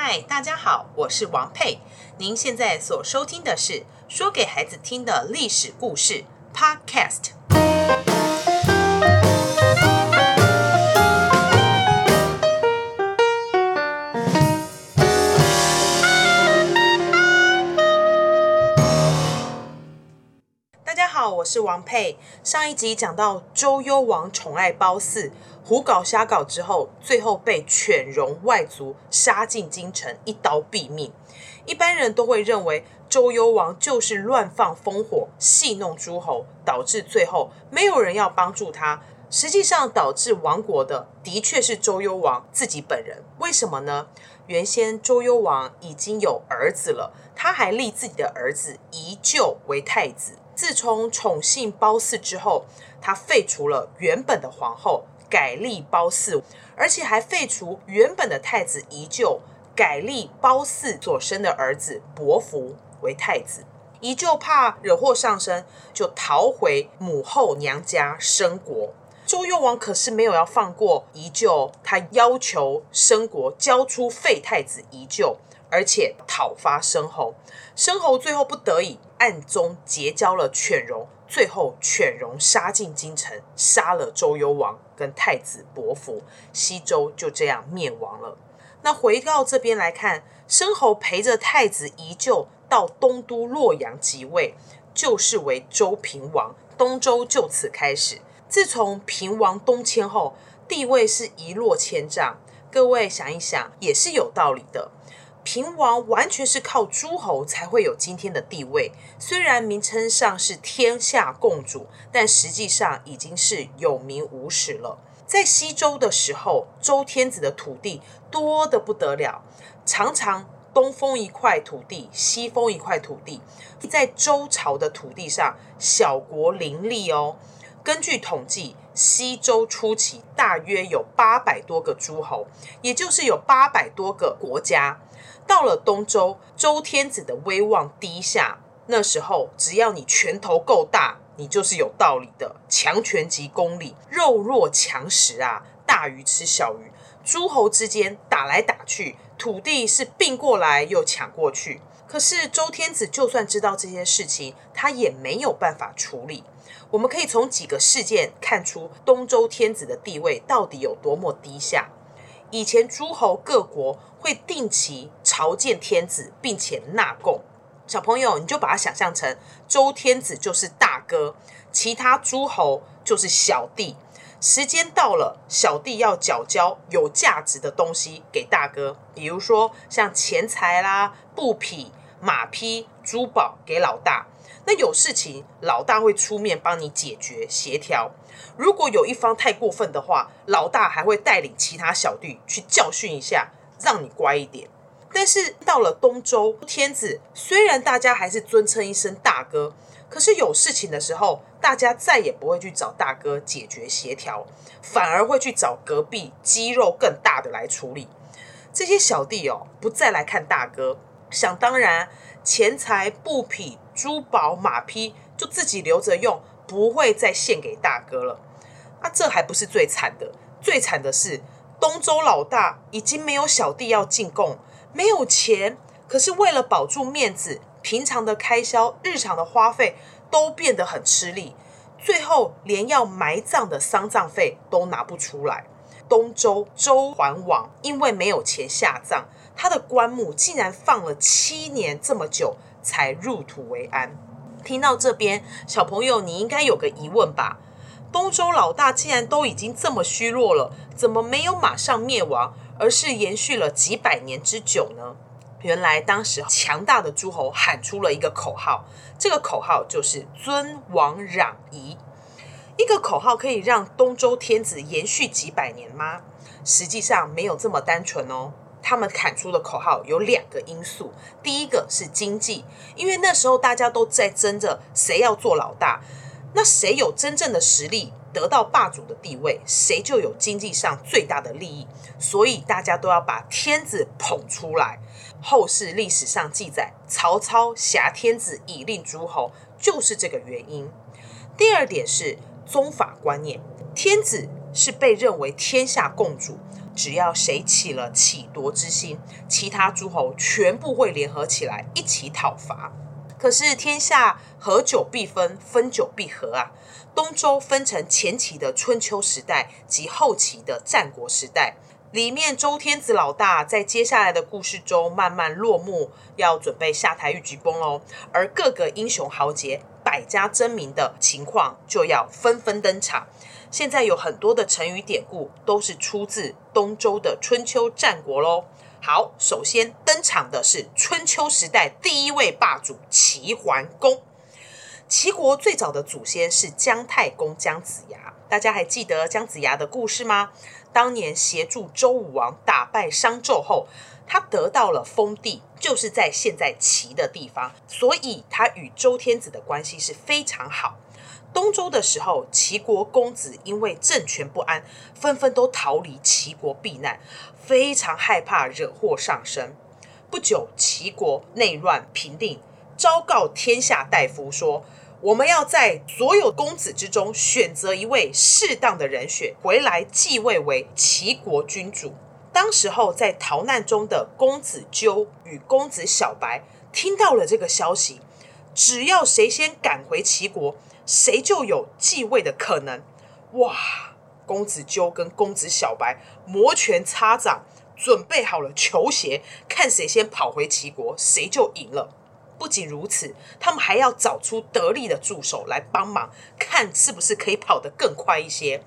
嗨，Hi，大家好，我是王佩。您現在所收聽的是《說給孩子聽的歷史故事》Podcast。大家好，我是王佩。上一集講到周幽王寵愛褒姒。胡搞瞎搞之後，最後被犬戎外族殺進京城，一刀斃命。一般人都會認為周幽王就是亂放烽火，戲弄諸侯，導致最後沒有人要幫助他。實際上，導致亡國的的確是周幽王自己本人。為什麼呢？原先周幽王已經有兒子了，他還立自己的兒子宜臼為太子。自從寵幸褒姒之後，他廢除了原本的皇後。改立褒姒，而且還廢除原本的太子宜臼，改立褒姒所生的兒子伯服為太子。宜臼怕惹禍上身，就逃回母後娘家申國。周幽王可是沒有要放過宜臼，他要求申國交出廢太子宜臼。而且討伐申侯，申侯最後不得已，暗中結交了犬戎，最後犬戎殺進京城，殺了周幽王跟太子伯服，西周就這樣滅亡了。那回到這邊來看，申侯陪着太子宜臼到東都洛陽即位，就是為周平王，東周就此開始。自從平王東遷後，地位是一落千丈。各位想一想，也是有道理的。平王完全是靠諸侯才會有今天的地位，雖然名稱上是天下共主，但實際上已經是有名無實了。在西周的時候，周天子的土地多得不得了，常常東封一塊土地，西封一塊土地。在周朝的土地上，小國林立哦。根據統計，西周初期大約有八百多個諸侯，也就是有八百多個國家。到了東周，周天子的威望低下。那時候，只要你拳頭夠大，你就是有道理的。強權即公理，弱肉強食啊，大魚吃小魚，諸侯之間打來打去，土地是併過來又搶過去。可是周天子就算知道這些事情，他也沒有辦法處理。我們可以從幾個事件看出東周天子的地位到底有多麼低下。以前諸侯各國會定期朝見天子，並且納貢。小朋友，你就把它想象成周天子就是大哥，其他諸侯就是小弟。時間到了，小弟要繳交有價值的東西給大哥，比如說像錢財啦、布匹、馬匹、珠寶給老大。那有事情，老大會出面幫你解決協調。如果有一方太過分的話，老大還會帶領其他小弟去教訓一下，讓你乖一點。但是到了東周天子，雖然大家還是尊稱一聲大哥，可是有事情的時候，大家再也不會去找大哥解決協調，反而會去找隔壁肌肉更大的來處理。這些小弟哦，不再來看大哥，想當然。錢財、布匹、珠寶、馬匹，就自己留着用，不會再獻給大哥了。那、啊、這還不是最慘的，最慘的是東周老大已經沒有小弟要進貢，沒有錢，可是為了保住面子，平常的開銷、日常的花費都變得很吃力，最後連要埋葬的喪葬費都拿不出來。東周周桓王因為沒有錢下葬，他的棺木竟然放了七年這麼久才入土為安。聽到這邊，小朋友你應該有個疑問吧？東周老大竟然都已經這麼虛弱了，怎麼沒有馬上滅亡，而是延續了幾百年之久呢？原來當時強大的諸侯喊出了一個口號，這個口號就是“尊王攘夷”。一個口號可以讓東周天子延續幾百年嗎？實際上沒有這麼單純哦。他們喊出的口號有兩個因素，第一個是經濟，因為那時候大家都在爭着誰要做老大，那誰有真正的實力得到霸主的地位，誰就有經濟上最大的利益，所以大家都要把天子捧出來。後世歷史上記載，曹操挾天子以令諸侯，就是這個原因。第二點是，宗法觀念，天子是被認為天下共主，只要誰起了起奪之心，其他諸侯全部會聯合起來一起討伐。可是天下合久必分，分久必合啊。東周分成前期的春秋時代及後期的戰國時代，裡面周天子老大在接下來的故事中慢慢落幕，要準備下台一鞠躬嘍、哦。而各個英雄豪傑。百家爭鳴的情況就要紛紛登場。現在有很多的成語典故都是出自東周的春秋戰國嘍。好，首先登場的是春秋時代第一位霸主齊桓公。齊國最早的祖先是姜太公姜子牙，大家還記得姜子牙的故事嗎？當年協助周武王打敗商紂後，他得到了封地，就是在現在齊的地方，所以他與周天子的關係是非常好。東周的時候，齊國公子因為政權不安，紛紛都逃離齊國避難，非常害怕惹禍上身。不久，齊國內亂平定，昭告天下大夫說。我們要在所有公子之中選擇一位適當的人選回來繼位為齊國君主。當時候在逃難中的公子糾與公子小白聽到了這個消息，只要誰先趕回齊國，誰就有繼位的可能。哇！公子糾跟公子小白摩拳擦掌，準備好了球鞋，看誰先跑回齊國，誰就贏了。不僅如此，他們還要找出得力的助手來幫忙，看是不是可以跑得更快一些。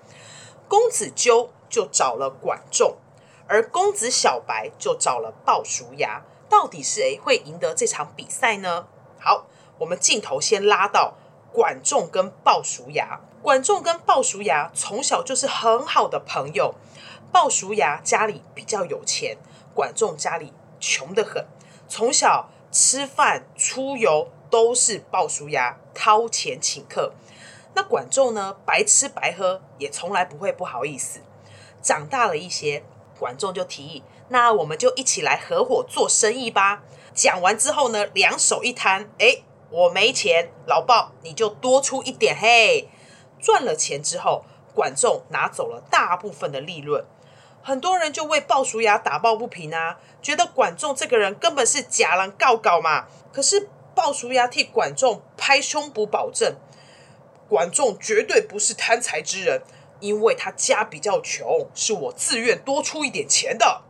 公子糾就找了管仲，而公子小白就找了鮑叔牙。到底是誰會贏得這場比賽呢？好，我們鏡頭先拉到管仲跟鮑叔牙。管仲跟鮑叔牙從小就是很好的朋友。鮑叔牙家裡比較有錢，管仲家裡窮得很，從小。吃飯、出遊都是鮑叔牙掏錢請客，那管仲呢？白吃白喝也從來不會不好意思。長大了一些，管仲就提議：“那我們就一起來合夥做生意吧。”講完之後呢，兩手一攤：“哎，我沒錢，老鮑你就多出一點。”嘿，賺了錢之後，管仲拿走了大部分的利潤。很多人就為鮑叔牙打抱不平啊，覺得管仲這個人根本是假狼告搞搞嘛。可是鮑叔牙替管仲拍胸脯保證，管仲絕對不是貪財之人，因為他家比較窮，是我自願多出一點錢的。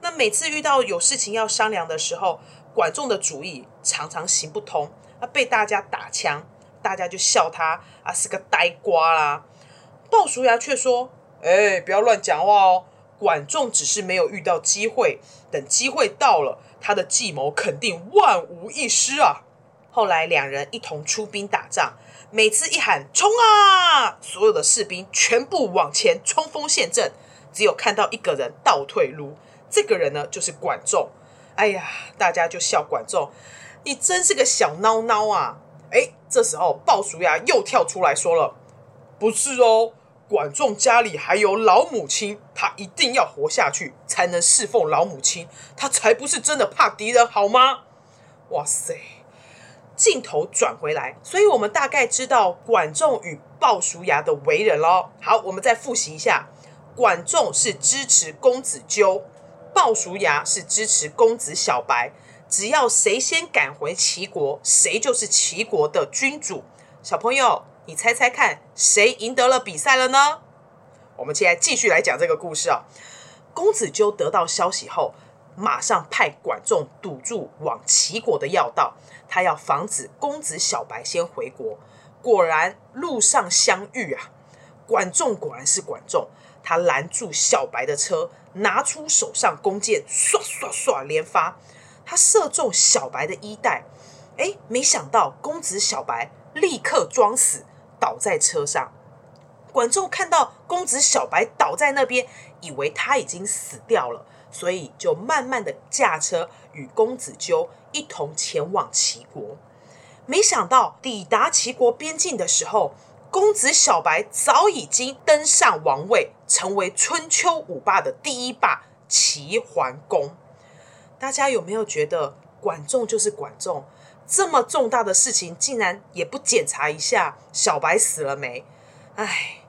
那每次遇到有事情要商量的時候，管仲的主意常常行不通，啊，被大家打槍，大家就笑他啊是個呆瓜啦。鮑叔牙卻說：“哎，欸，不要亂講話哦。”管仲只是沒有遇到機會，等機會到了，他的計謀肯定萬無一失啊！後來兩人一同出兵打仗，每次一喊“衝啊”，所有的士兵全部往前衝鋒陷陣，只有看到一個人倒退嚕，這個人呢就是管仲。哎呀，大家就笑管仲，你真是個小孬孬啊！哎，這時候鮑叔牙又跳出來說了：“不是哦。”管仲家裡還有老母親，他一定要活下去才能侍奉老母親，他才不是真的怕敵人，好嗎？哇塞，鏡頭轉回來，所以我們大概知道管仲與鮑叔牙的為人嘍。好，我們再複習一下：管仲是支持公子糾，鮑叔牙是支持公子小白。只要誰先趕回齊國，誰就是齊國的君主。小朋友。你猜猜看，誰贏得了比賽了呢？我們現在繼續來講這個故事啊、哦。公子糾得到消息後，馬上派管仲堵住往齊國的要道，他要防止公子小白先回國。果然路上相遇啊，管仲果然是管仲，他攔住小白的車，拿出手上弓箭，唰唰唰連發，他射中小白的衣帶。哎，沒想到公子小白立刻裝死。倒在車上，管仲看到公子小白倒在那邊，以為他已經死掉了，所以就慢慢的駕車與公子糾一同前往齊國。沒想到抵達齊國邊境的時候，公子小白早已經登上王位，成為春秋五霸的第一霸，齊桓公。大家有沒有覺得管仲就是管仲？這麼重大的事情，竟然也不檢查一下小白死了沒？哎，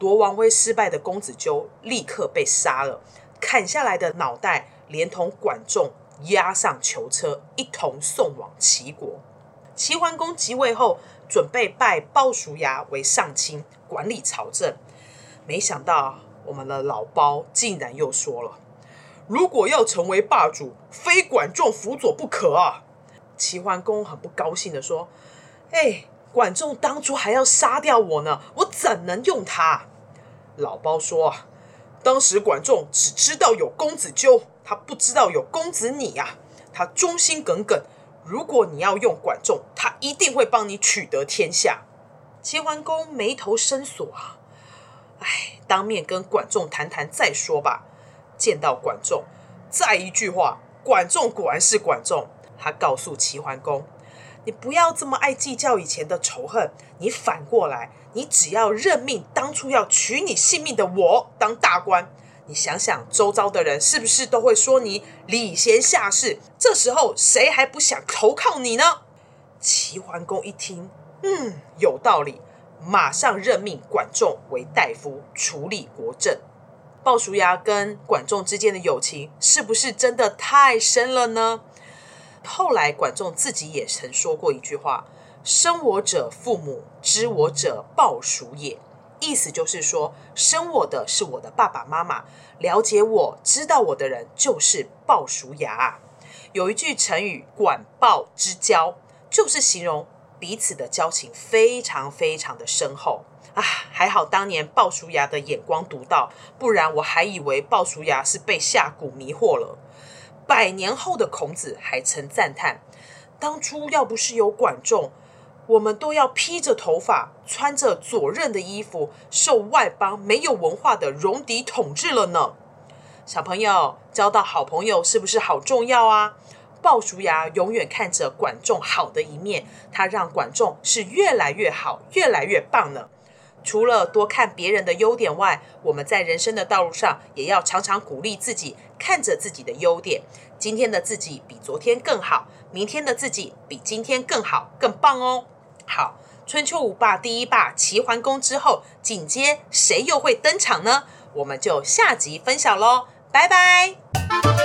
奪王位失敗的公子糾立刻被殺了，砍下來的腦袋連同管仲押上囚車，一同送往齊國。齊桓公即位後，準備拜鮑叔牙為上卿，管理朝政。沒想到我們的老鮑竟然又說了：“如果要成為霸主，非管仲輔佐不可啊！”齊桓公很不高興的說：“哎、欸，管仲當初還要殺掉我呢，我怎能用他？”老鮑說：“當時管仲只知道有公子糾，他不知道有公子你呀、啊。他忠心耿耿，如果你要用管仲，他一定會幫你取得天下。”齊桓公眉頭深鎖啊，哎，當面跟管仲談談再說吧。見到管仲，再一句話，管仲果然是管仲。他告訴齊桓公：“你不要這麼愛計較以前的仇恨，你反過來，你只要任命當初要取你性命的我當大官，你想想周遭的人是不是都會說你禮賢下士？這時候誰還不想投靠你呢？”齊桓公一聽，嗯，有道理，馬上任命管仲為大夫，處理國政。鮑叔牙跟管仲之間的友情，是不是真的太深了呢？後來，管仲自己也曾說過一句話：“生我者父母，知我者鮑叔也。”意思就是說，生我的是我的爸爸媽媽，了解我，知道我的人就是鮑叔牙。有一句成語“管鮑之交”，就是形容彼此的交情非常非常的深厚。啊，還好當年鮑叔牙的眼光獨到，不然我還以為鮑叔牙是被下蠱迷惑了。百年後的孔子還曾讚嘆：“當初要不是有管仲，我們都要披着頭髮，穿着左衽的衣服，受外邦沒有文化的戎狄統治了呢。”小朋友，交到好朋友是不是好重要啊？鮑叔牙永遠看着管仲好的一面，他讓管仲是越來越好，越來越棒呢。除了多看別人的優點外，我們在人生的道路上也要常常鼓勵自己，看着自己的優點。今天的自己比昨天更好，明天的自己比今天更好、更棒哦。好，春秋五霸第一霸齊桓公之後，緊接誰又會登場呢？我們就下集分享嘍，拜拜。